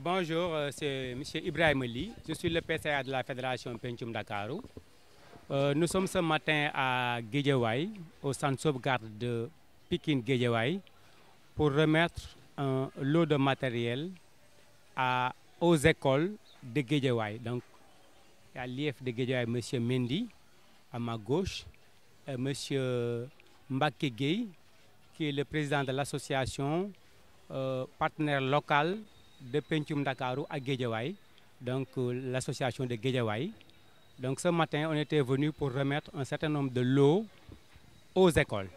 Bonjour, euh, c'est M. Ibrahim Ali. Je suis le PCA de la Fédération Pentium Dakarou. Euh, nous sommes ce matin à Guédiawaï, au centre sauvegarde de Pikine Guédiawaï, pour remettre un lot de matériel à, aux écoles de Guédiawaï. Donc, à l'IF de Guédiawaï, monsieur Mendy, à ma gauche, et M. Mbake qui est le président de l'association euh, partenaire local de Pencum Ndakaaru ak Guédiawaye donc euh, l'association de Guédiawaye donc ce matin on était venu pour remettre un certain nombre de lots aux écoles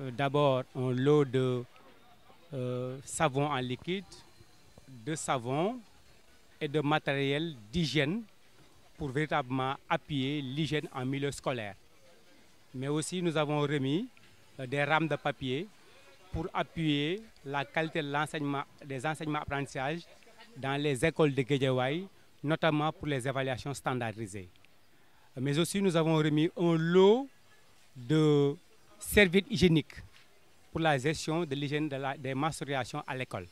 euh, d'abord un lot de euh, savon en liquide de savon et de matériel d'hygiène pour véritablement appuyer l'hygiène en milieu scolaire mais aussi nous avons remis euh, des rames de papier pour appuyer la qualité de l'enseignement, des enseignements apprentissages dans les écoles de Guédiawaï, notamment pour les évaluations standardisées. Mais aussi, nous avons remis un lot de serviettes hygiéniques pour la gestion de l'hygiène de des menstruations à l'école.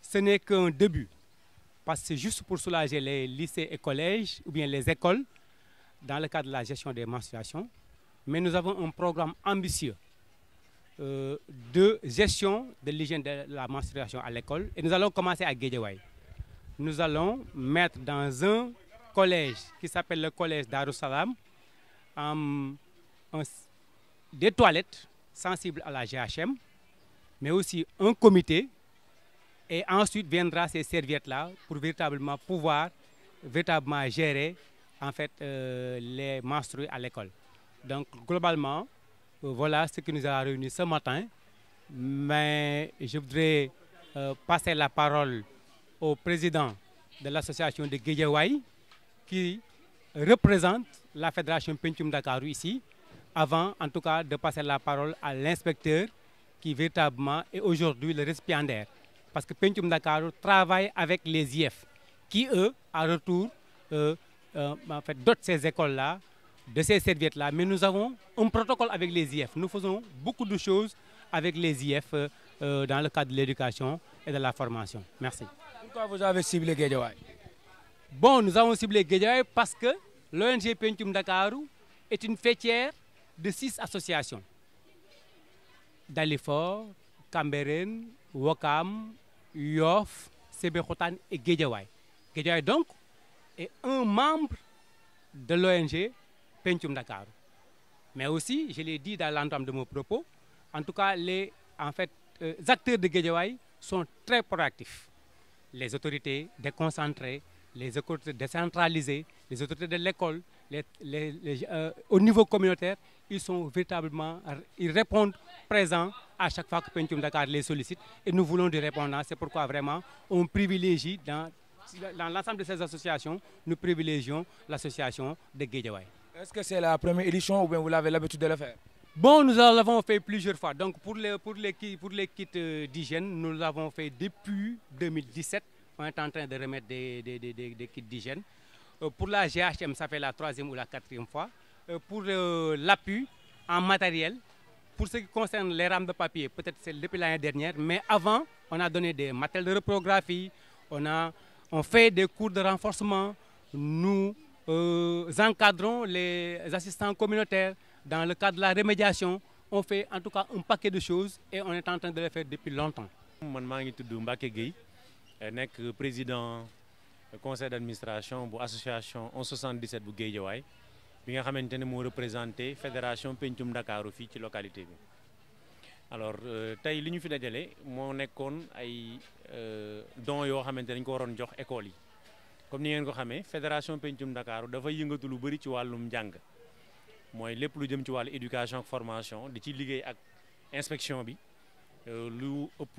Ce n'est qu'un début, parce que c'est juste pour soulager les lycées et collèges, ou bien les écoles, dans le cadre de la gestion des menstruations. Mais nous avons un programme ambitieux euh, de gestion de l'hygiène de la menstruation à l'école. Et nous allons commencer à Guédiawaye. Nous allons mettre dans un collège qui s'appelle le collège Darussalam des toilettes sensibles à la GHM, mais aussi un comité. Et ensuite viendra ces serviettes-là pour véritablement pouvoir véritablement gérer en fait euh, les menstrues à l'école. Donc globalement, Euh, voilà ce qui nous a réunis ce matin. Mais je voudrais euh, passer la parole au président de l'association de Guédiawaye qui représente la fédération Pentium Dakar ici, avant en tout cas de passer la parole à l'inspecteur qui véritablement est aujourd'hui le récipiendaire. Parce que Pentium Dakar travaille avec les IF qui, eux, à retour, euh, euh, en fait, dotent ces écoles-là de ces serviettes-là. Mais nous avons un protocole avec les IF. Nous faisons beaucoup de choses avec les IF euh, euh, dans le cadre de l'éducation et de la formation. Merci. Pourquoi nous avons ciblé Guédiawaye parce que l'ONG Pentium Dakarou est une fêtière de six associations. Dalifor, Camberen, Wakam, Yoff, Sebekhotan et Guédiawaye. Guédiawaye donc est un membre de l'ONG pencum Dakar mais aussi je l'ai dit dans l'entame de mon propos en tout cas les en fait euh, acteurs de Guédiawaye sont très proactifs les autorités déconcentrées les autorités décentralisées les autorités de l'école les les, les euh, au niveau communautaire ils sont véritablement ils répondent à chaque fois que pencum Dakar les sollicite et nous voulons du répondant c'est pourquoi vraiment on privilégie dans dans l'ensemble de ces associations nous privilégions l'association de Guédiawaye Est-ce que c'est la première édition ou bien le faire Bon, nous l'avons fait plusieurs fois. Donc pour les, pour les, pour les la GHM, ça fait la troisième ou la quatrième fois. Euh, pour euh, en matériel, pour ce qui les rames de papier, peut-être c'est depuis mais avant, de reprographie, on, a, on fait des Euh, encadrons les assistants communautaires dans le cadre de la remédiation on fait en tout cas un paquet de choses et on est en train de les faire depuis longtemps. man maa ngi tudd Mbacké Gueye euh, nekk président conseil d'administration bu association 1177 bu Guédiawaye bi nga xamante ne moo représenté fédération Pencum Ndakaaru fii ci localité bi. alors euh, tey li ñu fi dajale moo nekkoon ay dons yoo xamante dañ ko waroon jox écoles yi comme ni ngeen ko xamee fédération pencum Ndakaaru dafa yëngatu lu bëri ci wàllu njàng mooy lépp lu jëm ci wàllu éducation ak formation di ci liggéey ak inspection bi euh, lu ëpp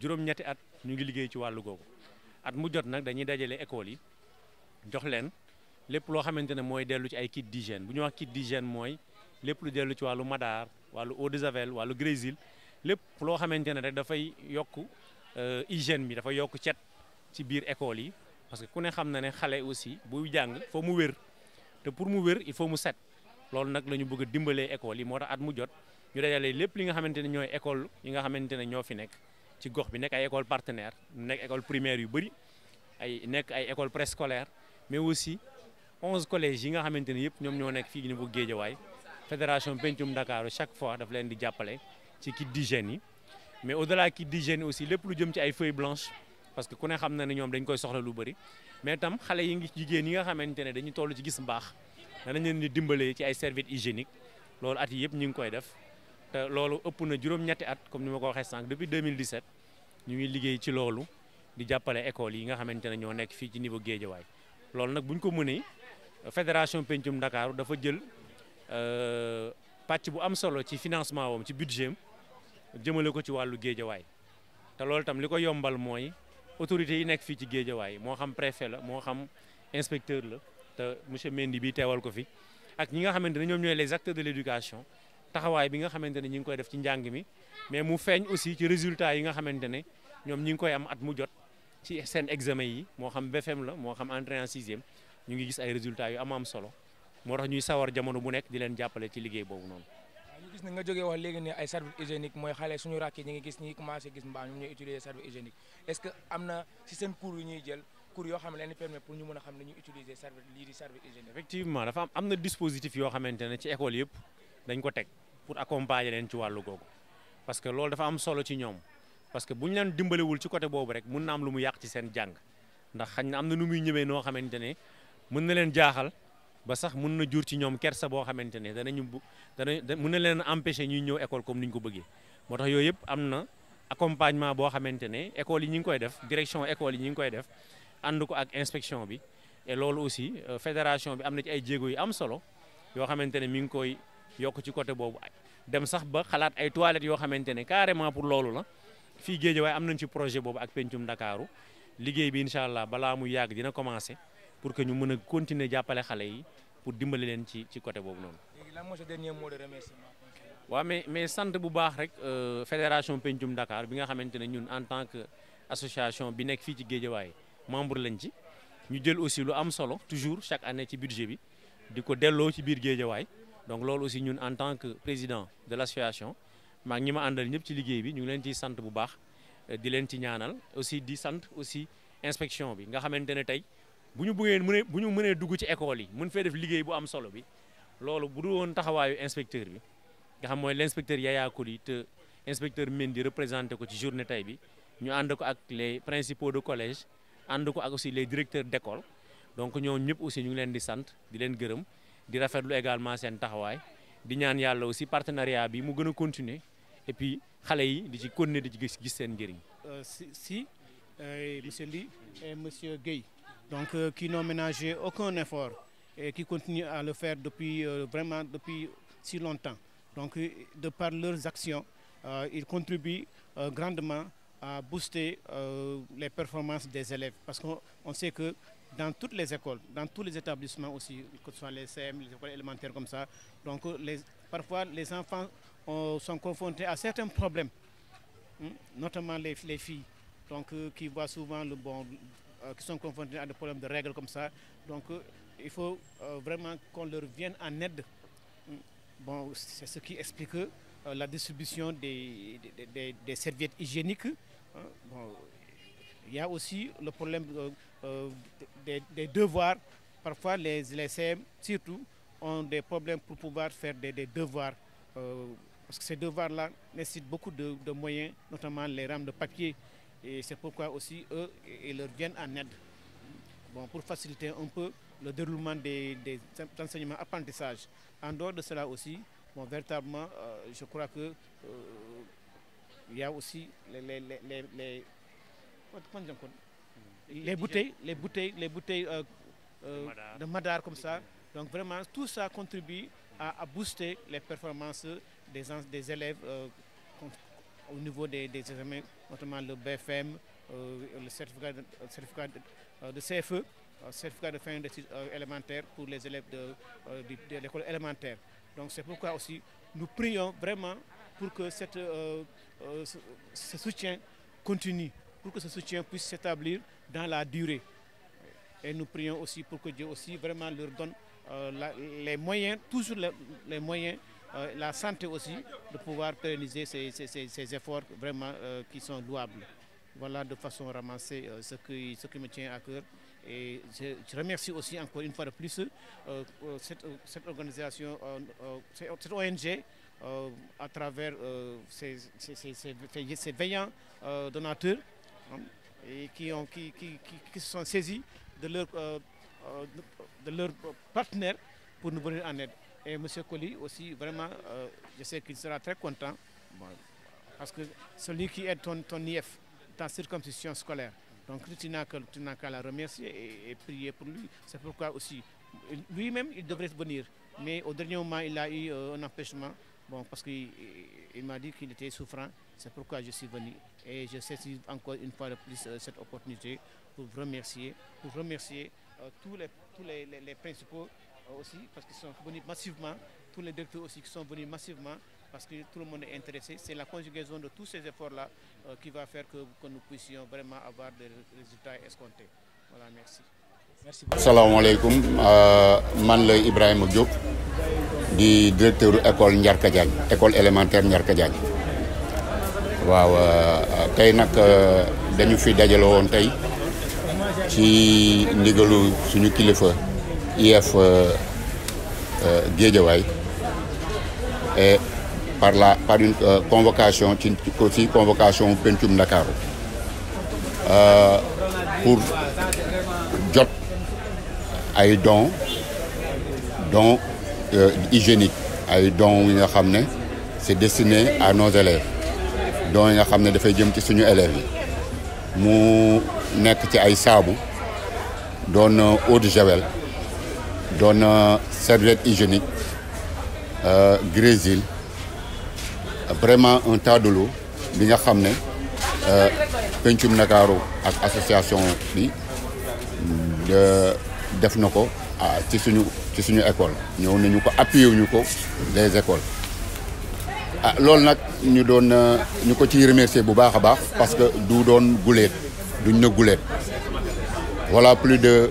juróom-ñetti at ñu ngi liggéey ci wàllu googu at mu jot nag dañuy dajale école yi jox leen lépp loo xamante ne mooy dellu ci ay kit d'hygiène bu ñu wax kit d'hygiène mooy lépp lu dellu ci wàllu madaar wàllu eau de javel wàllu grésil lépp loo xamante ne rek dafay yokk euh, hygiène bi dafay yokk cet ci biir école yi parce que ku ne xam na ne xale aussi buy jàng foo mu wér te pour mu wér il faut mu set loolu nag la ñu bëgg dimbalee école yi moo tax at mu jot ñu dajale lépp li nga xamante ne ñooy école yi nga xamante ne ñoo fi nekk ci gox bi nekk ay école partenaire nekk école primaire yu bëri ay nekk ay école préscolaire mais aussi onze collège yi nga xamante ne yëpp ñoom ñoo nekk fii ni bu Géejawaay fédération pencum Dakar chaque fois daf leen di jàppale ci kit d'hygiène yi mais au delà kit aussi lépp lu jëm ci ay feuilles parce que ku ne xam na ne ñoom dañ koy soxla lu bëri mais tam xale yi ngi jigéen ni nga xamante ne dañu tollu ci gis mbaax danañ leen di dimbalee ci ay serviettes hygiéniques loolu at yi yëpp ñu ngi koy def te loolu ëpp na juróom-ñetti at comme ni ma ko waxee sànq depuis 2017 ñu ngi liggéey ci loolu di jàppale école yi nga xamante ne ñoo nekk fii ci niveau waay loolu nag bu ñu ko mënee fédération pencum Ndakaaru dafa jël euh, pàcc bu am solo ci financement wam ci budget jëmale ko ci wàllu Guédiawaye te loolu tam li ko yombal mooy autorités yi nekk fii ci Géejawaay moo xam préfet la moo xam inspecteur la te monsieur Mendy bi teewal ko fi ak ñi nga xamante ne ñoom ñooy les acteurs de l'éducation taxawaay bi nga xamante ne ñi ngi koy def ci njàng mi mais mu feeñ aussi ci résultats yi xamante ne ñoom ñi ngi koy am at mu jot ci seen examen yi moo xam BFM e la moo xam entrée en sixième ñu ngi gis ay résultats yu am am solo moo tax ñuy sawar jamono bu nekk di leen jàppale ci liggéey boobu noonu gis ne nga jógee wax léegi ne ay service hygiénique mooy xale suñu rakk yi ñu ngi gis ñi commencé gis mbaa ñoom ñooy na si seen cours yu jël cours yoo xam ne leen pour ñu mën a xam ne ñu utiliser service lii di service hygiénique effectivement dafa am am na dispositif yoo xamante ne ci école yëpp dañ ko teg pour accompagner leen ci wàllu googu parce que loolu dafa am solo ci ñoom parce que bu ñu leen dimbalewul ci côté boobu rek mun na am lu mu yàq ci seen jàng ndax xañ na am na nu muy ñëwee noo xamante ne mën na leen jaaxal ba sax mun na jur ci ñoom kerse boo xamante ne danañu bu dana mun na leen empêcher ñuy ñëw école comme ni ñu ko bëggee moo tax yooyu yëpp am na accompagnement boo xamante ne école yi ñu ngi koy def direction école yi ñu ngi koy def ànd ko ak inspection bi loolu aussi euh, fédération bi am na ay jéego yu am solo yoo xamante ne mi ngi koy yokk ci côté boobu dem sax ba xalaat ay toilettes yoo xamante ne carrément pour loolu la fii Guédiawaye am nañ ci projet boobu ak pencum Ndakaaru liggéey bi incha allah balaa muy yàgg dina commencé pour que ñu mën a continuer jàppale xale yi pour dimbali leen ci ci côté boobu noonu. léegi lan mooy sa dernier mot de remerciement. waaw mais mais sant bu baax rek euh, fédération Pencum Dakar bi nga xamante ne ñun en tant que association bi nekk fii ci Géejawaay membre lañ ci ñu jël aussi lu am solo toujours chaque année ci budget bi di ko delloo ci biir Géejawaay donc loolu aussi ñun en tant que président de l'association maa ngi ñi ma àndal ñëpp ci liggéey bi ñu ngi leen ciy sant bu baax di leen ci ñaanal aussi di sant aussi inspection bi nga xamante ne tey. bu ñu bëggee mënee bu ñu mënee dugg ci école yi mun fee def liggéey bu am solo bi loolu bu dul woon taxawaayu inspecteur bi nga xam mooy l' inspecteur Yaya Coly te inspecteur di représenté ko ci journée tey bi ñu ànd ko ak les principaux de collège ànd ko ak aussi les directeurs d' donc ñoom ñëpp aussi ñu ngi leen di sant di leen gërëm di rafetlu également seen taxawaay di ñaan yàlla aussi partenariat bi mu gën a continuer et puis xale yi di ci continuer di ci gis gis seen njëriñ. Euh, si si euh, monsieur Ly et monsieur Guèye. donc euh, qui n'ont ménagé aucun effort et qui continuent à le faire depuis euh, vraiment depuis si longtemps. Donc euh, de par leurs actions, euh, ils contribuent euh, grandement à booster euh, les performances des élèves parce qu'on sait que dans toutes les écoles, dans tous les établissements aussi, que ce soit les CM, les écoles élémentaires comme ça, donc les, parfois les enfants on, sont confrontés à certains problèmes, hein, notamment les, les filles, donc qui voient souvent le bon Euh, qui sont confrontés à des problèmes de règles Donc euh, il faut euh, vraiment qu'on leur vienne en aide. Mm. Bon, c'est ce qui explique la distribution des, des, des, des serviettes hygiéniques. il y a aussi le problème des, des devoirs. Parfois, les, les CM, surtout, ont des problèmes pour pouvoir faire des, des devoirs. Euh, parce que ces devoirs-là nécessitent beaucoup de, de, moyens, notamment les rames de papier Et c'est pourquoi aussi eux, ils leur viennent en aide bon, pour faciliter un peu le déroulement des, des enseignements apprentissage. En dehors de cela aussi, bon, véritablement, euh, je crois que euh, il euh, y a aussi les, les, les, les, les bouteilles, les bouteilles, euh, de madar comme ça. Donc vraiment, tout ça contribue à, à booster les performances des, des élèves. au niveau des, des examens, notamment le BFM, euh, le certificat de, euh, certificat de, euh, de e, certificat de fin d'études élémentaires pour les élèves de, de, l'école élémentaire. Donc c'est pourquoi aussi nous prions vraiment pour que cette, euh, euh, ce, ce, soutien continue, puisse s'établir dans la durée. Et nous prions aussi pour que Dieu vraiment leur donne les moyens, toujours les moyens euh, la santé aussi, de pouvoir pérenniser ces, ces, ces efforts vraiment euh, qui sont louables. Voilà de façon à ramasser euh, ce, qui, ce qui me tient à cœur. Et je, je remercie aussi encore une fois de plus euh, euh, euh, cette, cette, organisation, cette ONG, à travers ces, veillants donateurs hein, et qui, ont, qui, qui, qui, se sont saisis de leur, de leur partenaire pour nous venir en aide. Et M. aussi, vraiment, euh, je sais qu'il sera très content. parce que celui qui est ton, ton IF, ta scolaire, donc tu n'as la remercier et, et, pour lui. C'est pourquoi aussi, lui-même, il devrait venir. Mais au dernier moment, il a eu euh, un empêchement. Bon, parce qu'il il, il, m'a dit qu'il était souffrant. C'est pourquoi je suis venu. Et je saisis encore une fois de plus euh, cette opportunité pour remercier, euh, tous les principaux Euh, aussi, parce qu'ils sont venus massivement, tous les aussi qui sont parce que tout le monde est la conjugaison de tous ces efforts-là euh, qui va faire que, que, nous puissions vraiment avoir des résultats merci. merci Salam alaikum, euh, je suis Ibrahim Diop, du directeur école l'école Nyarkadjan, école élémentaire Nyarkadjan. waaw euh, tey nag euh, dañu fi dajale woon tey ci ndigalu suñu kilifa IEF euh, euh, Guédiawaye par la par une euh, convocation ci convocation pencum Ndakaaru pour jot ay don don hygiéniques ay don yi nga xam ne c'est destiné à nos élèves dons yi nga xam ne dafay jëm ci suñu élèves yi mu nekk ci ay saabu doon eau de javel doon serviette hygiénique euh, grésil vraiment un tas de l'eau bi nga xam ne euh, pencum Ndakaaru ak association bi mm, def na ko ah, ci suñu ci suñu école ñëw nañu ko appuyé wuñu ko des écoles ah loolu nag ñu doon euh, ñu ko ci remercier bu baax a baax parce que du doon guleet duñ na guleet voilà plus de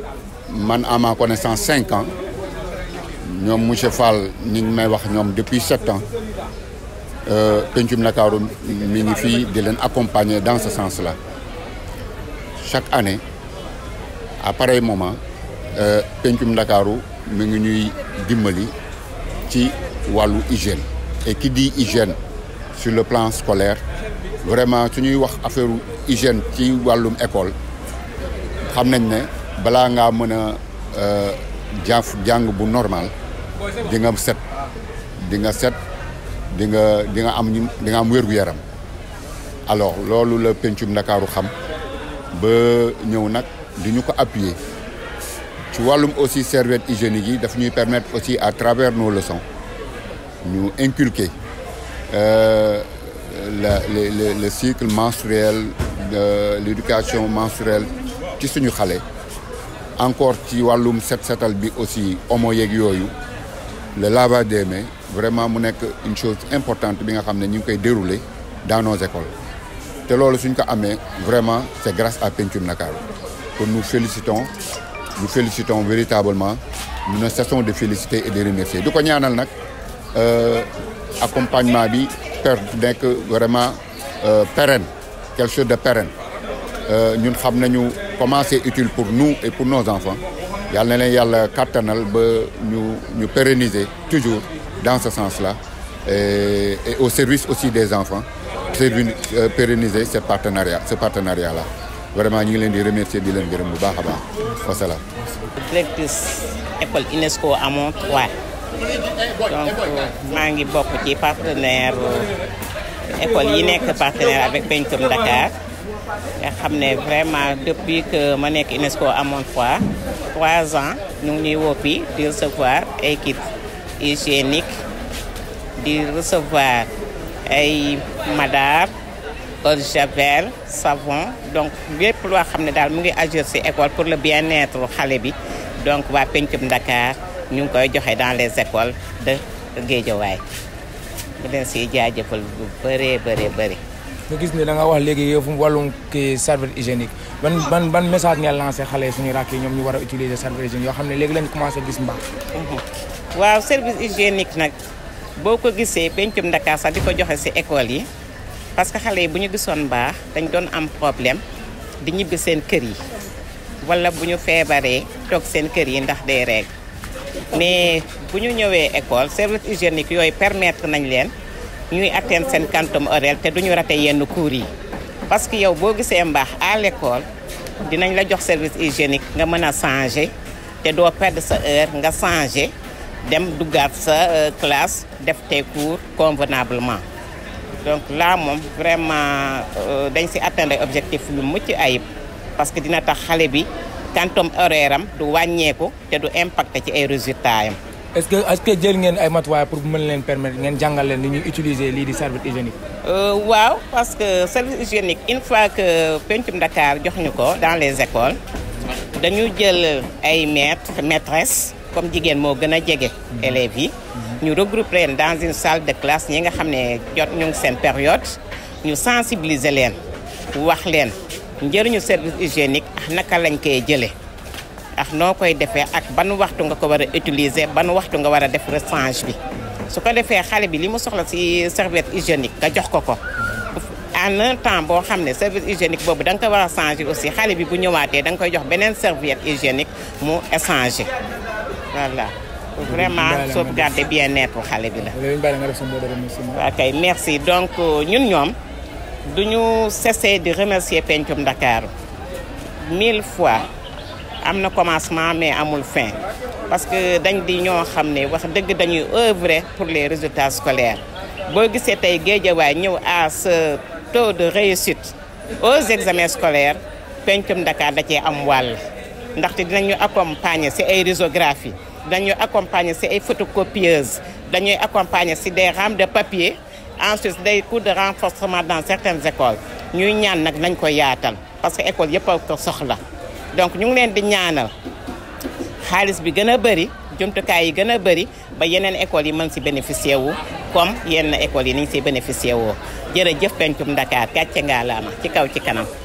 man à ma connaissance cinq ans ñoom monsieur Fall ñi ngi may wax ñoom depuis sept ans euh, Pencum Ndakaaru mi ngi fii di leen accompagner dans ce sens la chaque année à pareil moment euh, Pencum Ndakaaru mi ngi ñuy dimbali ci wàllu hygiène et qui dit hygiène sur le plan scolaire vraiment su ñuy wax affaire hygiène ci wàllum école xam nañ ne balaa ngaa mën a euh, jàng jàng bu normal dinga nga set di nga set di nga di nga am di nga am wér-gu-yaram alors loolu la pencum ndakaaru xam ba ñëw nag di ñu ko appuyer ci wàllum aussi serviette hygiénique yi daf ñuy permettre aussi à travers nos leçons ñu inculquer euh, la le le cycle menstruel euh, l'éducation menstruelle ci suñu xale encore ci wàllum set setal bi aussi omo yeeg yooyu la lavage des mains vraiment mu nekk une chose importante bi nga xam ne ñu ngi koy dérouler dans nos écoles te loolu suñ ko amee vraiment c'est grâce à Pencum Ndakaru que nous félicitons nous félicitons véritablement nous ne cessons de féliciter et de remercier du ko ñaanal nag euh, accompagnement bi per nekk vraiment euh, pérenne quelque chose de pérenne euh, ñun xam nañu. commencé utile pour nous et pour nos enfants yàlla na yàlla kàttanal ba ñu ñu pérenniser toujours dans ce sens la et, et au service aussi des enfants service euh, pérenniser ce partenariat ce partenariat-là vraiment ñu ngi leen di remercier di leen gërëm bu baax a baax wasalaam. directrice école UNESCO amoon trois donc maa ngi bokk ci partenaire euh, école yi nekk partenaire avec Pencum Dakar. nga xam ne vraiment depuis que ma nekk UNESCO amoon fois trois ans ñu ngi ñuy woppi di recevoir ay kit hygiénique di recevoir ay madar eau javel savon donc lépp loo xam ne daal mu ngi agir ci école pour le bien-être xale bi donc waa Pencum ndakaar ñu ngi koy joxe dans les écoles de Guédiawaye mu leen ci jaajëfal bu bëree bëree bëri nga gis ne da nga wax léegi yow fu wàllum kii serviette hygiénique ban ban ban message nga lancé xale suñu rakk yi ñoom ñu war a utiliser serviette hygiénique xam ne léegi lañ commencé mhm. waaw service hygiénique nag boo ko gisee pencum Ndakaar sax di ko joxe si école yi parce que xale yi bu ñu gisoon mbaax dañ doon am problème di ñibbi seen kër yi wala bu ñu feebaree toog seen kër yi ndax day règle mais bu ñu ñëwee école service hygiénique yooyu permettre nañ leen. ñuy atteindre seen quantum horaire te duñu rate yenn cours yi parce que yow boo gisee mbaax à l'école dinañ la jox service hygiénique nga mën a changer te doo perdre sa heure nga changé dem duggaat sa euh, classe def tes cours convenablement donc là moom vraiment euh, dañ si atteindre objectif lu mucc ayib parce que dina tax xale bi quantum horaire am du wàññeeku te du impacté ci ay résultats yam est-ce que est que jël ngeen ay matuwaay pour mën leen permettre ngeen jàngal leen ni ñuy utiliser lii di serviette hygiénique. Euh, waaw parce que serviette hygiénique une fois que pencum Dakar jox ñu ko dans les écoles dañu jël ay maîtres maîtresses comme jigéen moo gën a jege élèves yi. Mhm. ñu regrouper leen dans une salle de classe ñi nga xam ne jot ñu seen période ñu sensibiliser leen wax leen njëriñu serviette hygiénique naka lañ koy jëlee. ak noo koy defee ak ban waxtu nga ko war a utiliser ban waxtu nga war a def rechange bi su ko defee xale bi li mu soxla si serviette hygiénique nga jox ko ko en un temps boo xam ne serviette hygiénique boobu da nga ko war a changer aussi xale bi bu ñëwaatee da nga koy jox beneen serviette hygiénique mu échanger voilà vraiment sauvegarder bien-être xale bi la. ok merci donc ñun ñoom du ñu cesser di remercier Pencum Ndakaaru fois. am na commencement mais amul fin parce que dañ di ñoo xam ne wax dëgg dañuy œuvrer pour les résultats scolaires boo gisee tey géejawaay ñëw à ce taux de réussite aux examens scolaires pencum Dakar da cee am wàll ndaxte dinañu accompagner ci ay risographie dañuy accompagner ci ay photocopieuses dañuy accompagner ci des rames de papier ensuite des cours de renforcement dans certaines écoles ñuy ñaan nag nañ ko yaatal parce que école yëpp a ko soxla donc ñu ngi leen di ñaanal xaalis bi gën a bëri jumtukaay yi gën a bëri ba yeneen école yi mën si bénéficier wu comme yenn écoles yi ni si siy bénéficier woo jërëjëf pencum Ndakaar gàcce ngaalaama ci kaw ci kanam.